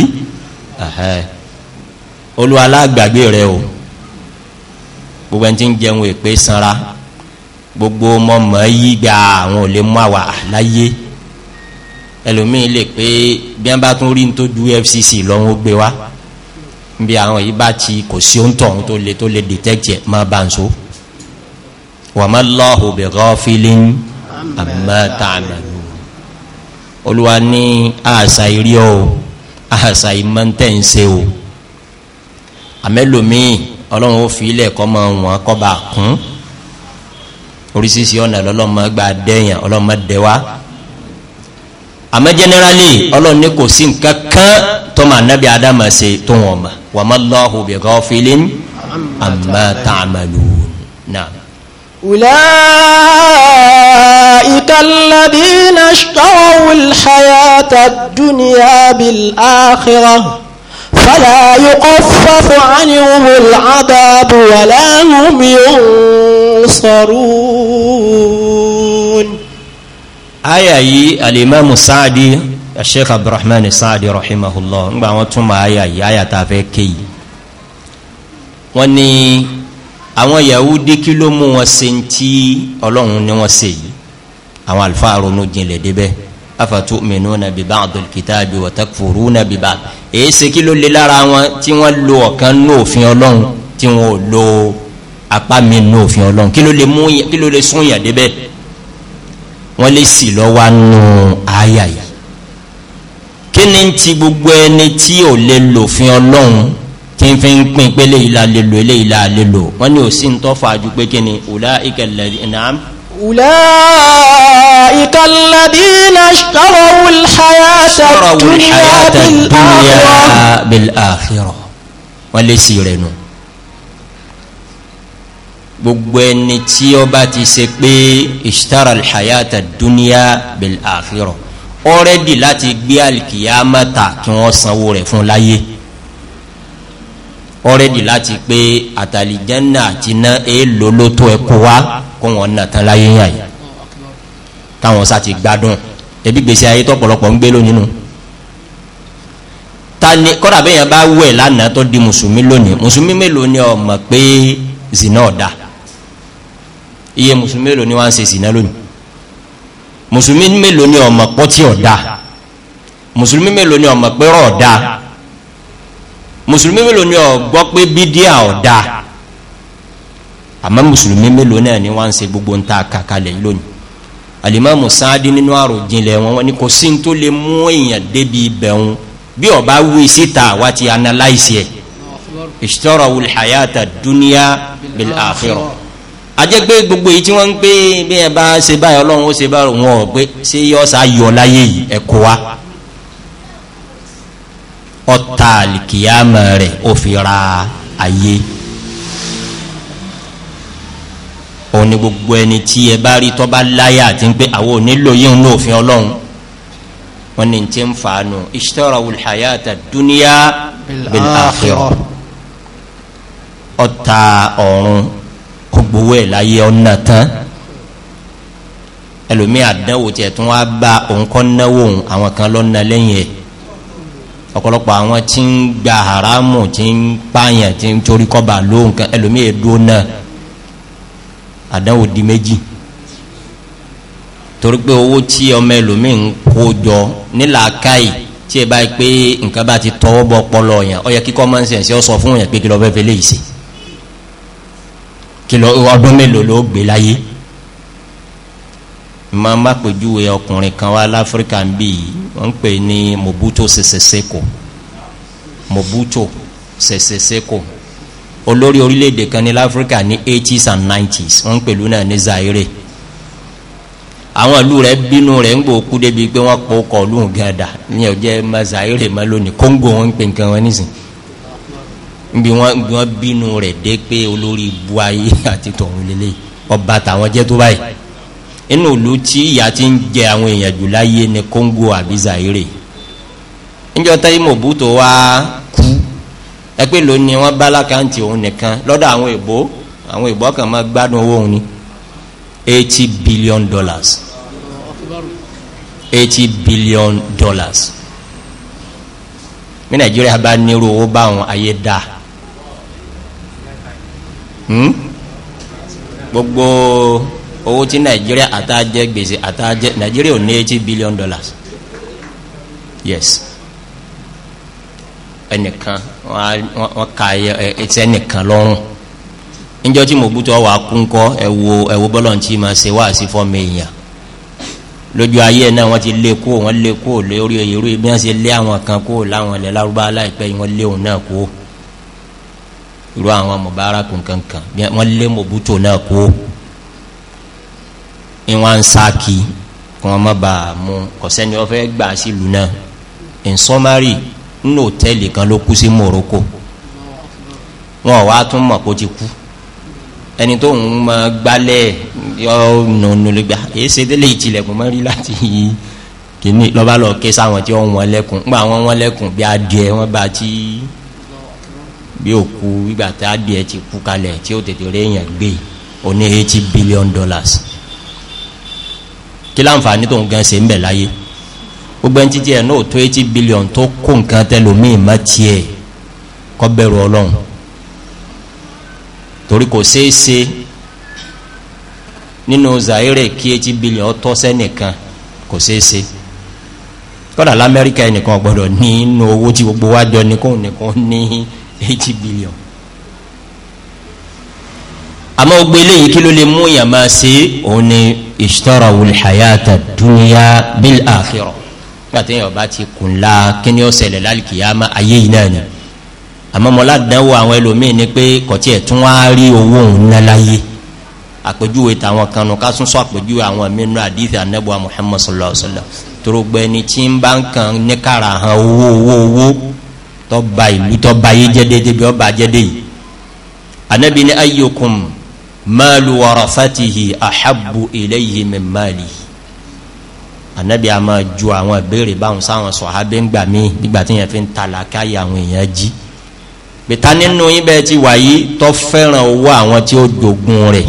olúwa alágbàgbé rẹ o gbogbo ẹni tí ń jẹun èpè sanra gbogbo mọ̀mọ́ yí gba àwọn ò lè mú àwa láyé ẹlòmíín lè pé bí wọn bá tún rí nítorí EFCC lọ́wọ́ gbé wa bí àwọn yìí bá ti kò sí ohun tó le tó le detect yẹ máa bá ń so wàmà lọ́hùn bí ghafilin amma ta'malun olúwa ní àṣà ìrí o àṣà ìmọ̀ntẹ́ ń ṣe o àmẹ́lòmíì ọlọ́run ó fi ilẹ̀ kọ́ mọ wọn kọ́ bá kún oríṣiríṣi ọ̀nà lọ́lọ́mọ gba dẹ́yìn ọlọ́mọ dẹ́wà àmọ́ jẹ́nẹ́rálì ọlọ́run ní kò sí nǹkan kan tó máa nábì ádámà ṣe tó wọ̀n mọ̀ wàmọ́ lọ́hùn bi ghafilin amma ta'malun náà. أولئك الذين اشتروا الحياة الدنيا بالآخرة فلا يقفف عنهم العذاب ولا هم ينصرون آية آي الإمام السعدي الشيخ عبد الرحمن السعدي رحمه الله نبقى وانتم آية آية تافيكي واني àwọn yahudi kí ló mú wọn ṣe ń tí ọlọ́run ni wọ́n ṣe yìí àwọn àlùfáà ronú jinlẹ̀ débẹ̀ afatu'minuna bi ba'dil kitabi wa takfuruna bi ba'd èyí ṣe kí ló lè lára wọn tí wọ́n lo ọ̀kan ní òfin ọlọ́run tí wọ́n ò lo apá mi ní òfin ọlọ́run kí ló lè mú kí ló lè sún yàn débẹ̀ wọ́n lè sì lọ́wọ́ nù áyà yìí kí ni ti gbogbo ẹni tí ò lè lòfin ọlọ́run tí fi ń pín pé lè ilà lè lò lè ilà lè lò wọ́n ní ò sí ń tọ́fà ju pé kí ni ọ̀lá ìkẹlẹ̀ ìnáàm. ọ̀lá ìkẹlẹ̀dí na ṣọ́rọ̀wù ṣayáṣà dúnìyà bíláàfíọ̀ wọ́n lè sí rẹ̀ nù. gbogbo ẹni tí ó bá ti ṣe pé ìṣtara ṣayáṣà dúnìyà bíláàfíọ̀ ọ̀rẹ́dì láti gbé àlìkìyà mẹ́ta kí wọ́n sanwó rẹ̀ fún láyé ọ̀rẹ́dì láti pé àtàlìjẹ́nà àti iná èèlò ló tó ẹkọ wá kó wọn nà tán láyé yàn yìí káwọn sá ti gbádùn ẹbí gbèsè ayé tọ̀pọ̀lọpọ̀ ń gbé lónìí nù tani kọ́dà bẹ́ẹ̀ yẹn bá wẹ̀ lánàá tó di mùsùlùmí lónìí mùsùlùmí mélòó ni ọ mọ̀ pé zina ọ̀dà iye mùsùlùmí mélòó ni wọ́n á ṣe zina lónìí mùsùlùmí mélòó ni ọ mọ̀ pọ́tì ọ̀dà mùsùlùmí mélòó ni ọ mọ̀ pé ọ̀dà mùsùlùmí mélòó ni ọ gbọ́ pé bídíà ọ̀dà àmọ́ mùsùlùmí mélòó náà ni wọ́n ń ṣe gbogbo ń ta kàkálẹ̀ lónìí alimami sáadi nínú àròjinlẹ̀ wọn ni kò sí ní tó lè mú èèyàn débi ibẹ̀ wọn bí ọba wí síta wa ti analyse ẹ̀ ìṣòro wuli hayata duniya bil akhira ajẹ́ pé gbogbo èyí tí wọ́n ń pè bí ẹ bá ṣe báyọ̀ ọlọ́run ṣe báyọ̀ wọn ò pé ṣé yọ́ sá yọ láyé yìí ẹ̀ kó wa ọta àlìkìyàmọ rẹ̀ ó aye ra ayé òun ni gbogbo ẹni tí ẹ bá rí tọ́ba láyà àti pé àwọn ò nílò yìí ń lòfin ọlọ́run wọn ni ti ń fa nù ishtara al-hayata dunya bil ọta ọ̀run gbowó ẹ̀ láyé ọ̀nà tán ẹlòmíì àdánwò tiẹ̀ tún wá bá òun kọ́ náwó òun àwọn kan lọ́nà lẹ́yìn ẹ̀ ọ̀pọ̀lọpọ̀ àwọn tí ń gba haramu tí ń pààyàn tí ń torí kọ́ba ló nǹkan ẹlòmí èdò náà àdánwò di méjì torí pé owó tí ọmọ ẹlòmí ń kó jọ nílàákàyè tí ẹ bá pé nǹkan bá ti tọwọ́ bọ́ ọpọlọ yẹn ó yẹ kí common sense ọ sọ fún yẹn pé kí lọ fẹ́ fẹ́ léyìí sí kí lọ ọdún mélòó ló gbé láyé ma má pèjúwe ọkùnrin kan wá láfíríkà ń bì yìí ń pè ní mobuto sese seko mobuto sese seko olórí orílẹ̀-èdè kan ní láfíríkà ní 80s and 90s wọ́n ń pèlú náà ní zaire àwọn ìlú rẹ̀ bínú rẹ̀ ń gbòó kú débi pé wọ́n pọ̀ ọkọ̀ ìlú gàdà ní ọjọ́ ma zaire ma lónìí kóńgò wọ́n ń pè nǹkan wọn nísìn nbí wọ́n bínú rẹ̀ dé pé olórí buayi àti tọ̀hún lélẹ̀ ọba tàwọn jẹ́ tó báyìí. inú ìlú tí ìyà ti ń awon àwọn èèyàn jù láyé ní Congo àbí Zaire níjọ táyé Mobutu wá kú ẹ pé wọn bá lákàntì òun nìkan lọ́dọ̀ àwọn èbó àwọn èbó kan máa gbádùn owó òun ni eighty billion dollars eighty billion dollars ní Nàìjíríà bá nírú owó báwọn ayé dáa gbogbo. Hmm? Gbogbo owó tí Nigeria àtàjẹ gbèsè àtàjẹ Nigeria ò ní eighty billion dollars yes ẹnìkan wọn ka ẹtì ẹnìkan lọ́rùn níjọ́ tí mo bútọ́ wà kúńkọ́ ẹ̀wò ẹ̀wò bọ́lọ́ǹtì máa ṣe wá sí fọ́ọ̀mù èèyàn lójú ayé ẹ̀ náà wọ́n ti lé kó wọ́n lé kó lórí irú ibi wọ́n ṣe lé àwọn kan kó láwọn ilẹ̀ lárúbá láìpẹ́ yìí wọ́n lé òun náà kó irú àwọn Mubarak kankan wọ́n lé Mobutu náà kó ìwọ̀n ń sáàkì kí wọ́n má bà á mú kọ̀sẹ́ni ọ̀fẹ́ gbà sílùú náà in summary nínú òtẹ́ẹ̀lì kan ló kú sí Morocco wọn ò wá tún mọ̀ kó ti kú ẹni tó ń mọ gbálẹ̀ yọ nùnú lè gbà èyí ṣe délé ìtìlẹ̀kùn mọ́ rí láti kìíní lọ́ba lọ ké sáwọn tí wọ́n wọn lẹ́kùn nígbà wọn wọn lẹ́kùn bí adìẹ wọn bá ti bí òkú ìgbà tí adìẹ ti kú kalẹ̀ tí ó tètè rẹ̀ gbé oní eighty billion dollars kí láǹfààní tó ń gan ṣe ń bẹ̀ láyé gbogbo ẹni títí ẹ̀ náà tó eighty billion tó kó nǹkan tẹlòmíì má tiẹ̀ kọ́ bẹ̀rù ọlọ́run torí kò ṣeé ṣe nínú Zaire kí eighty billion tọ́ sẹ́nìkan kò ṣeé ṣe kọ́dà lamẹ́ríkà ẹnìkan gbọ́dọ̀ ní inú owó tí gbogbo wa jọ ní kóun nìkan ní eighty billion àmọ́ gbogbo eléyìí kí ló lè mú yàn máa ṣe òun ni ìṣtọ́ra wùlhàyàtà dúnìyà bíl àkìrọ̀ gbàtí yàn bá ti kùn la kí ni ó ṣẹlẹ̀ lálùkìyàmá ayé yìí náà ni àmọ́ mọ́lá dánwò àwọn ẹlòmíín ni pé kọ̀tí ẹ̀ tún wá rí owó òun ná láyé àpèjúwe tàwọn kanu ká tún sọ àpèjúwe àwọn mínú àdìsí anábọ̀ muhammad sallallahu alayhi wa sallam torogbe ni tí ń bá ń kan ní kára hàn owó owó owó tọ́ba ìlú tọ́ba yé jẹ́dẹ́dẹ́ bí ọba jẹ́dẹ́ yìí anábì ní ayyukum malu warafatihi ahabu ilayhi min mali anabi a máa ju àwọn ìbéèrè báwọn sáwọn sọ̀hábẹ́ ń gbà mí nígbà tí yẹn fi ń talaka yà àwọn èèyàn jí bìtá nínú yín bẹ́ẹ̀ ti wà yìí tó fẹ́ràn owó àwọn tí ó jogun rẹ̀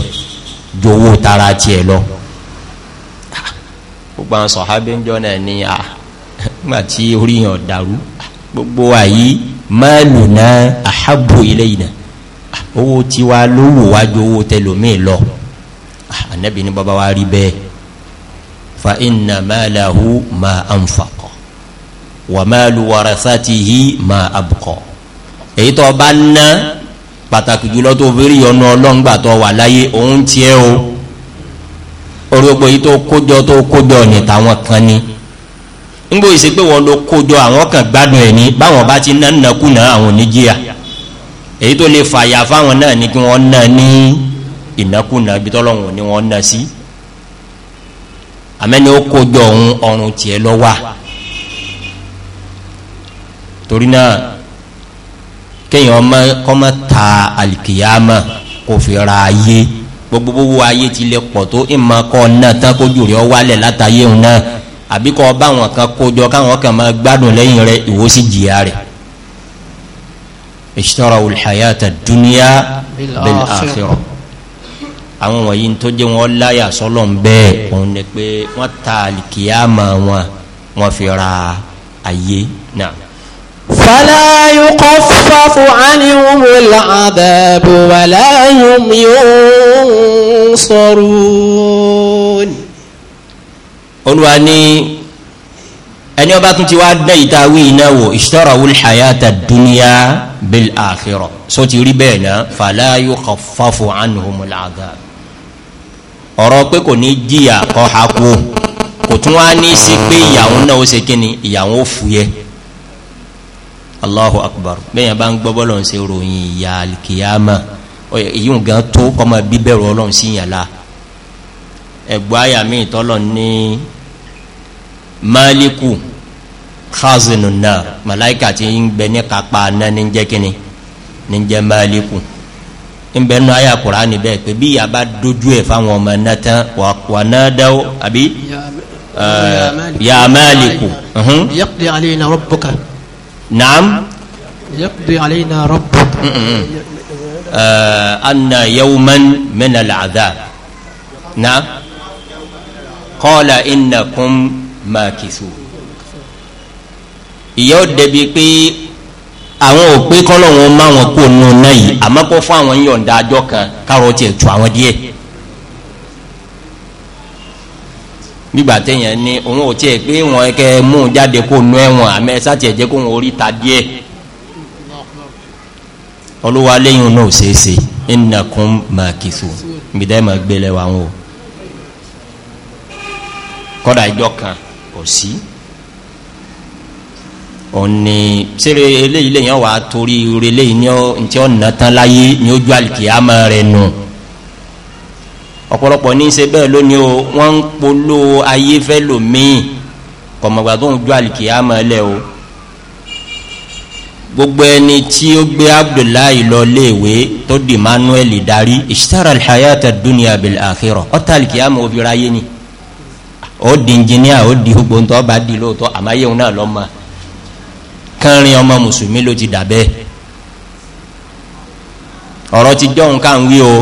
jowó tara tiẹ̀ lọ gbogbo àwọn sọ̀hábẹ́ ń jọ náà ní à nígbà tí orí yẹn ò dàrú gbogbo wa yìí malu náà ahabu ilayna owó tiwa lówó wájú owó tẹlómi lọ anabi ah, ni baba wa rí bẹ́ẹ̀ fa inna maalahu ma anfaqo wa maalu warasatihi ma abqo èyí tó bá ná pàtàkì jùlọ tó fi rí ọ̀nà ọlọ́ngbà tó wà láyé òun tiẹ̀ o orógbó yìí tó kójọ tó kójọ ní tàwọn kan ni ńgbó ìsèpé wọn ló kójọ àwọn kan gbádùn ẹ̀ ní báwọn bá ti ná nàkúnà àwọn oníjìyà. èyí tó lè fàyà fáwọn náà ni kí wọ́n náà ní ìnákúnà ibi tọ́lọ́hún ni wọ́n náà sí àmẹ́ni ó kójọ òun ọrùn tiẹ̀ lọ wà torí náà kéèyàn ọmọ kọ́mọ ta àlìkìyàmà kò fi ra ayé gbogbo gbogbo ayé ti lè pọ̀ tó ìmọ̀ kọ́ náà tán kójú rẹ̀ wálẹ̀ látàyé òun náà àbíkọ́ báwọn kan kójọ káwọn kan máa gbádùn lẹ́yìn rẹ̀ ìwọ jìyà rẹ̀ ishtaraw الحياة الدنيا بالآخرة، akhirah àwọn wọ̀nyí tó jẹ́ wọn láyà sọ́lọ̀ ń bẹ́ẹ̀ òun ni pé wọ́n ta àlìkìyàmà wọn wọ́n fi ra ayé náà. fala yukhaffafu anhumul adhabu wala hum yunsarun. olúwa ní ẹni ọba tún ti wá dán ìta wí iná wò ìṣtọ́rọ̀ wul hayata duniya bil akhirah so ti rí bẹ́ẹ̀ náà fala yukhaffafu anhumul adhab ọ̀rọ̀ pé kò ní jìyà ọ̀hà kú kò tún wá ní sí pé ìyàwó náà ó ṣe kí ni ìyàwó ó fúyẹ́ allahu akbar bẹ́ẹ̀ bá ń gbọ́ bọ́lọ̀ ń ṣe ròyìn ìyá alikiyama èyí ń gan tó kọ́ máa bíbẹ̀rù ọlọ́run sí yàn la ẹ̀gbọ́ àyà mi ní. maliku khazinun náà màláìkà tí ń bẹ ní kápá na ní jẹ́ kíni ní jẹ́ maliku ń bẹ nù aya àkùrá be pé bí ya bá dojú ẹ̀ fáwọn ọmọ náà tán wà náà dáwọ́ àbí yà maliku máàlíkù. yaqdi alayna rabbuka. naam. yaqdi alayna rabbuka. anna yawman min al-adhab. naam. qala innakum. mákìsù ìyá ò débi pé àwọn òpè kọ́lọ̀ wọn má wọn kó nù náà yìí àmọ́ kó fún àwọn yọ̀ǹda àjọ kan káàrọ̀ tiẹ̀ tu àwọn díẹ̀ nígbà téèyàn ní òun ò tiẹ̀ pé wọn kẹ mú jáde kó nù ẹ̀wọ̀n àmọ́ ẹ sátìẹ̀ jẹ́ kó wọn orí ta díẹ̀ olúwa lẹ́yìn náà ṣeé ṣe ìnàkún mákìsù gbìdá ẹ̀ máa gbélé wọn o kọ́dà ìjọ kan. kò sí òní sèré eléyìí lèyìn wà á torí ire léyìí ní ọ ntí ọ nà tán láyé ní ojú àlìkìyàmọ rẹ nù ọ̀pọ̀lọpọ̀ ní í ṣe bẹ́ẹ̀ lónìí o wọ́n ń polo ayé fẹ́ lòmíì kọ̀mọ̀gbà tó ń ju àlìkìyàmọ lẹ o gbogbo ẹni tí ó gbé abdullahi lọ léèwé tó di manuel darí ìṣítàrà alhayata dunia bil akhirah ọ̀tá àlìkìyàmọ obìnrin ayé ni ó di engineer ó di gbogbo ntọ́ bá di lóòótọ́ àmáyéhun náà lọ́mọ kánrin ọmọ mùsùlùmí ló ti dà ọ̀rọ̀ ti dọ́hun ká ń wí o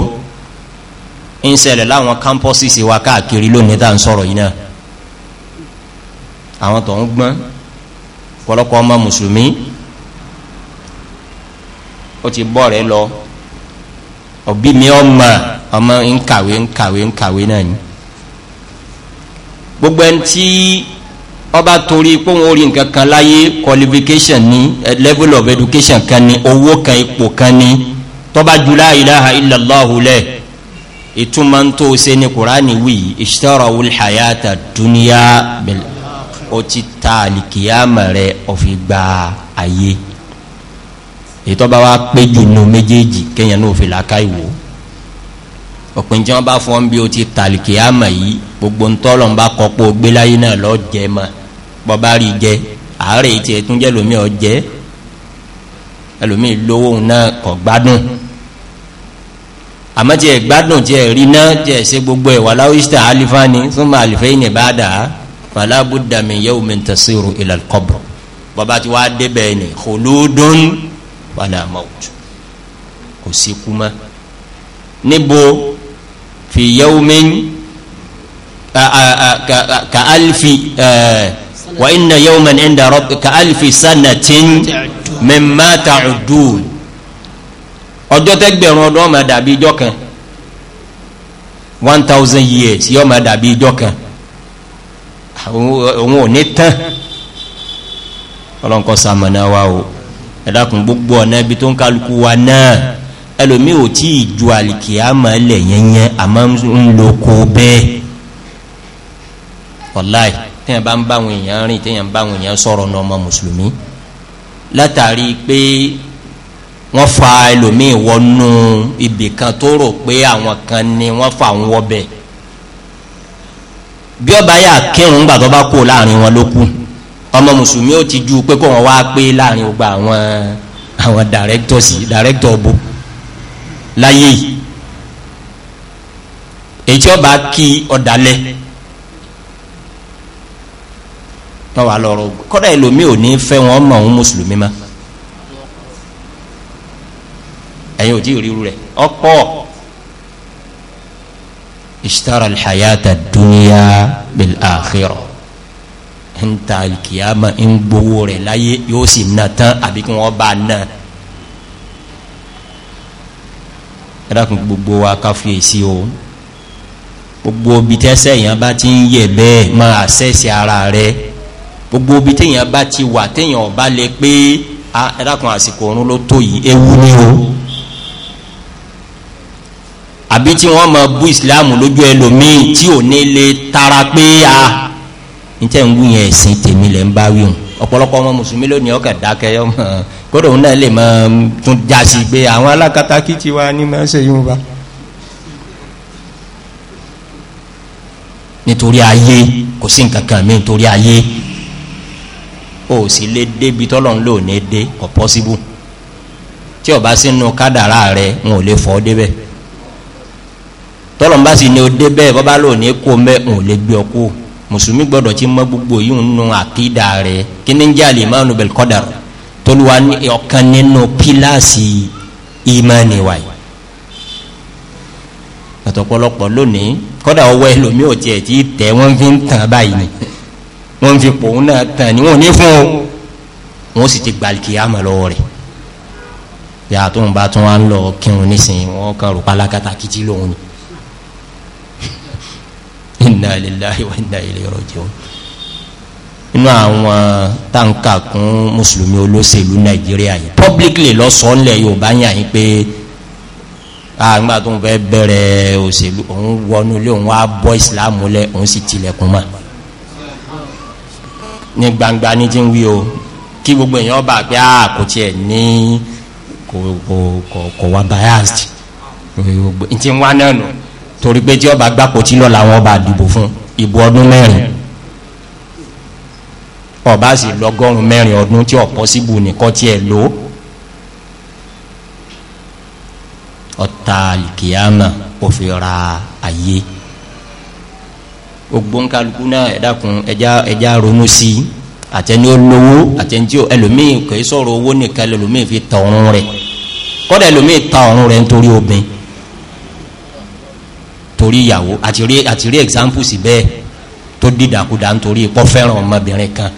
ń ṣẹlẹ̀ láwọn campuses wa káàkiri lónìí tá à ń sọ̀rọ̀ yìí náà àwọn tó ń gbọ́n pọ̀lọpọ̀ ọmọ mùsùlùmí ó ti bọ́ rẹ̀ lọ òbí mi ọmọ ọmọ ń kàwé ń kàwé ń kàwé náà ni gbogbo ẹni tí ọba torí pé wọn ò rí láyé qualification ni eh, level of education kan ní owó kan ipò kan ní tọ́ba ju la ilaha illallahu lẹ̀ ìtumọ̀ ń tó ṣe ní kuraani wí ìṣitọ́rọ̀ wuli hayata duniya bẹ̀rẹ̀ o ti ta alikiyama rẹ̀ ọ̀fi gba ayé ìtọ́ba wa pé jù nù méjèèjì kéèyàn n'òfin làákàyè wò òpin tí wọ́n bá fún ọ́n bí o ti tàlìkì àmà yìí gbogbo ntọ́lọ̀ ń bá kọ́pọ̀ gbéláyé náà lọ jẹ ma bọ́bá rí jẹ àárẹ̀ tí ẹ tún jẹ́ lómi ọ jẹ́ ẹlòmíì lówó náà kọ̀ gbádùn àmọ́ tí ẹ gbádùn tí ẹ rí náà tí ẹ ṣe gbogbo ẹ̀ wà láwísítà alifani súnmọ́ àlìfẹ́ yìí ní bá dà á fàlà bùdàmì yẹ́wò mi tẹ̀síru ilal qabr bọ́bá tí wàá débẹ̀ ni khuludun wala maut kò sí kú níbo fi yawmin ka alfi eh, wa inna yawman inda rabbika ka alfi sanatin mimma ta'uddun ọjọ́ tẹ́gbẹ̀rún ọdún ọmọ dàbí ijọ́ kan one thousand years yọ ma dàbí ijọ́ kan òun ò ní tán ọlọ́nkọ́ sàmọ̀nà wa o ẹ̀dàkùn gbogbo ọ̀nà ibi tó ń kálukú wa náà ẹlòmí ò tí ì ju àlìkìyàmọ̀ ẹlẹ̀ yẹnyẹn àmọ́ ń lo ko bẹ́ẹ̀ wàláì téèyàn bá ń bá àwọn èèyàn rìn téèyàn bá àwọn èèyàn sọ̀rọ̀ ní ọmọ mùsùlùmí látàrí pé wọ́n fa ẹlòmí wọnú ibì kan tó rò pé àwọn kan ni wọ́n fa àwọn wọbẹ̀ bí ọba yà kírun gbà bá kó láàrin wọn ló ọmọ mùsùlùmí ó ti ju pé kó wọn wá pé láàrin gbogbo àwọn àwọn dàrẹ́kítọ̀sì dàrẹ́kítọ̀ ọ̀bọ̀ láyé yìí èyí tí ọba kí ọ̀dàlẹ̀ tọ́wà lọ́rọ̀ kọ́dà ẹlòmíì ò ní fẹ́ wọn mọ̀ ọ́n mùsùlùmí mọ́ ẹ̀yin ò tí ì ríru rẹ̀ ọ̀pọ̀ ishtara alhayata dunya bil akhirah ń ta alkiyama ń gbowó rẹ̀ láyé yóò sì nà tán àbí kí wọ́n bá nà ẹ̀dàkùn gbogbo wa ká fi èsì o gbogbo obi tẹ́sẹ̀ èèyàn bá ti ń yẹ bẹ́ẹ̀ máa ṣẹ̀ṣẹ̀ ara rẹ gbogbo obi téèyàn bá ti wà téèyàn ọba lè pé ẹ̀dàkùn àsìkò ọ̀run ló tó yìí ewu ni o àbí tí wọ́n mọ bú ìsìláàmù lójú ẹlòmíì tí ò ní lè tara pé a níta ń wúyẹn ẹ̀sìn tèmi lẹ́ ń bá wíwọ̀n ọ̀pọ̀lọpọ̀ ọmọ mùsùlùmí lónìí ọkà dákẹ́ ọmọ kódò náà lè mọ́ tún jásí pé àwọn alákatakí ti wá ní mẹ́sẹ̀ yóò bá nítorí ayé kò sí nǹkan kan nítorí ayé o sì lè débi tọ́lọ́run lò ní dé kò pọ́síbù tí o bá sínú kádàrá rẹ n ò lè fọ́ débẹ̀ tọ́lọ́run bá sì ní o débẹ̀ bọ́bá lò ní kó mẹ́ n ò lè gbé ọ kó mùsùlùmí gbọ́dọ̀ tí mọ́ gbogbo yìí ń nu àkídà rẹ kí ni ń jẹ́ àlè máa nu bẹ̀lì kọ́dàrú tolúwa ọ̀kan nínú pílàsì ìmánì wa yìí àtọ̀pọ̀lọpọ̀ lónìí kọ́dà ọwọ́ ẹlòmíì ò tiẹ̀ tí tẹ̀ wọ́n fi ń tàn báyìí ni wọ́n fi pòun náà tàn ní wọ́n ní fún o wọ́n sì ti gbalìkì àmọ́ lọ́wọ́ rẹ̀ yà tó ń bá tó wá ń lọ kírun nísìnyí wọ́n kàn rò pálákàtà kìtì lòun ni inna lillahi wa inna ilayhi raji'un inú àwọn táǹkà kún mùsùlùmí olóṣèlú nàìjíríà yìí publicly lọ́sọ̀ọ́ ńlẹ̀ yorùbá yàn yín pé àgbà ah, tó ń fẹ́ bẹ̀rẹ̀ òṣèlú òun wọnú ilé òun wá bọ́ ìsìláàmù lẹ̀ òun sì tilẹ̀kùn mọ́ ní gbangba ní ti ń wí o kí gbogbo èèyàn bá pé a ah, kò tiẹ̀ ní kò kò kò kò wá biased ti ń wá náà torí pé tí ọba gbàpò tí lọ́la wọn bá dìbò fún ìbò ọdún mẹ́rin ọba sì lọ́gọ́rùn mẹ́rin ọdún tí ọ̀pọ̀ síbù nìkan tiẹ̀ lò ó ọ̀tá àlìkìyàmà ó fi ra ayé gbogbo nkálukú náà ẹ dákun ẹja ẹja ronú sí i àtẹni olówó àtẹni tí ẹlòmíì kò í sọ̀rọ̀ owó nìkan ẹlòmíì fi ta ọ̀run rẹ̀ kọ́dà ẹlòmíì ta ọ̀run rẹ̀ nítorí obìn torí ìyàwó àti rí àti rí examples bẹ́ẹ̀ tó dídàkudà nítorí ipò fẹ́ràn ọmọbìnrin kan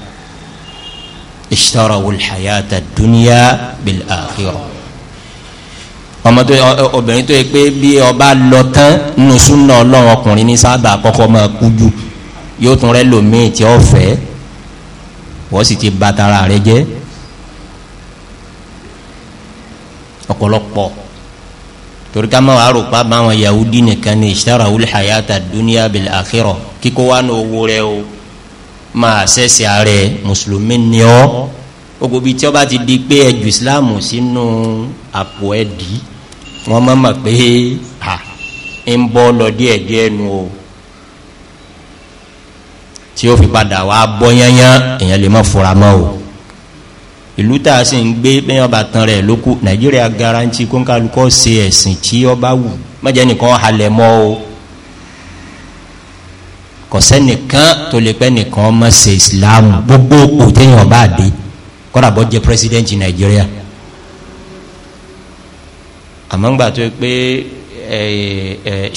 ishtarawu alhayata الدنيا بالآخرة. akhirah ọmọ tó obìnrin tó yẹ pé bí ọba lọ tán nínú súnà ọlọ́run ọkùnrin ní sábà kọ́kọ́ máa kú jù yóò tún rẹ lòmíì tí ó fẹ́ wọ́n sì ti ba tara rẹ jẹ́ ọ̀pọ̀lọpọ̀ torí ká máa rò pa báwọn yahudi nìkan ní ishtarawu alhayata dunya bil akhirah kíkó wa ní owó rẹ o máa sẹ́sẹ̀ ààrẹ mùsùlùmí ni ọ́ gbogbo bíi tí ó bá ti di pé ẹjù ìsìláàmù sínú àpò ẹ̀dí wọ́n máa mọ̀ pé à ń bọ́ lọ díẹ̀ nu o tí ó fi padà wá bọ́ yányán èèyàn lè má fura mọ́ o ìlú tá a sì ń gbé bẹ́ẹ̀ ọba tán rẹ̀ lókù nàìjíríà garanti kó ń kálukọ́ ṣe ẹ̀sìn tí ọba wù mọ́jẹ́ nìkan halẹ̀ mọ́ o kọ̀sẹ́ nìkan tó lè pẹ́ nìkan ọmọ ṣe ìsìláàmù gbogbo òpó téèyàn bá dé kọ́dà bọ́ jẹ́ pírẹsidẹ́ǹtì nàìjíríà àmọ́ ńgbà tó yẹ pé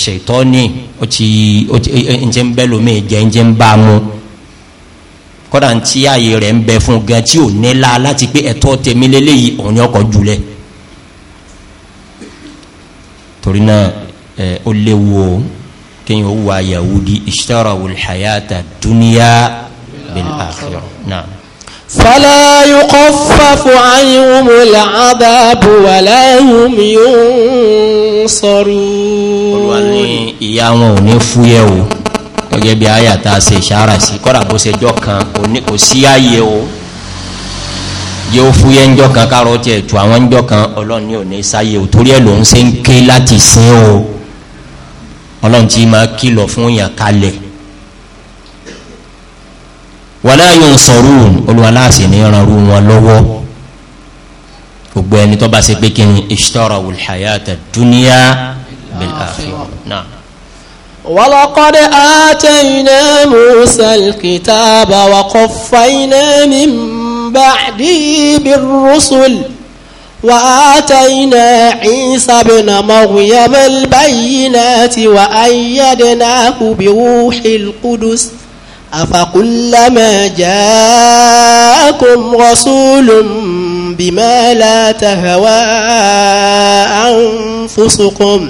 ṣètọ́ni ó ti ǹjẹ́ ń bẹ́ lómi jẹ́ ǹjẹ́ ń bá a mú kọ́dà ń tí ààyè rẹ̀ ń bẹ fún gan tí ò nílá láti pé ẹ̀tọ́ tèmi léléyìí òun ni ọkọ̀ jùlẹ̀ torí náà ó léwu o kíyàn ó wà yahudi ishtarawu alhayata duniya bil akhirah naam. فلا يخفف عنهم العذاب ولا هم ينصرون Olúwa ní ìyà wọn ò ní fúyẹ́ o gẹ́gẹ́ bí àyà tá a ṣe ìṣára sí kọ́dà bó ṣe jọ́ kan kò ní kò sí ààyè o yóò fúyẹ́ ńjọ́ kan kárọ̀ tiẹ̀ tù àwọn ńjọ́ kan ọlọ́run ò ní sáyé o torí ẹ̀ ló ń ṣe ń ké láti sin o ọlọ́run ti máa kìlọ̀ fún yàn kalẹ̀ wàlá yóò sọ̀rọ̀ olùwàláàsì ní ìrànrú wọn lọ́wọ́ gbogbo ẹni tó bá ṣe pé kí ni ìṣtọ́ra wùlhàyàtà dúníyà bẹ̀láfíà náà. ولقد آتينا موسى الكتاب وقفينا من بعده بالرسل وآتينا عيسى بن مريم البينات وأيدناه بروح القدس أفكلما جاءكم رسول بما لا تهوى أنفسكم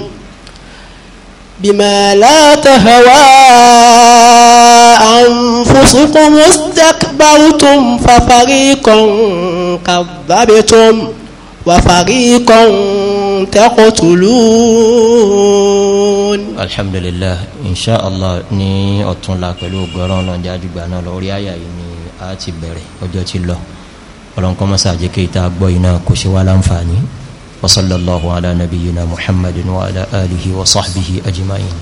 بما لا تهوى أنفسكم استكبرتم ففريقا كذبتم وفريقا تقتلون الحمد لله ان شاء الله ni ọ̀tún la pẹ̀lú ọgọ́rọ̀ náà jájú gbà náà lọ orí àyà yìí ni a ti bẹ̀rẹ̀ ọjọ́ ti lọ ọlọ́nkọ́ mọ́sá jẹ́ kí ìta gbọ́ iná kò ṣe wá láǹfààní wasallallahu ala nabiyina muhammadin wa ala alihi wa sahbihi ajma'in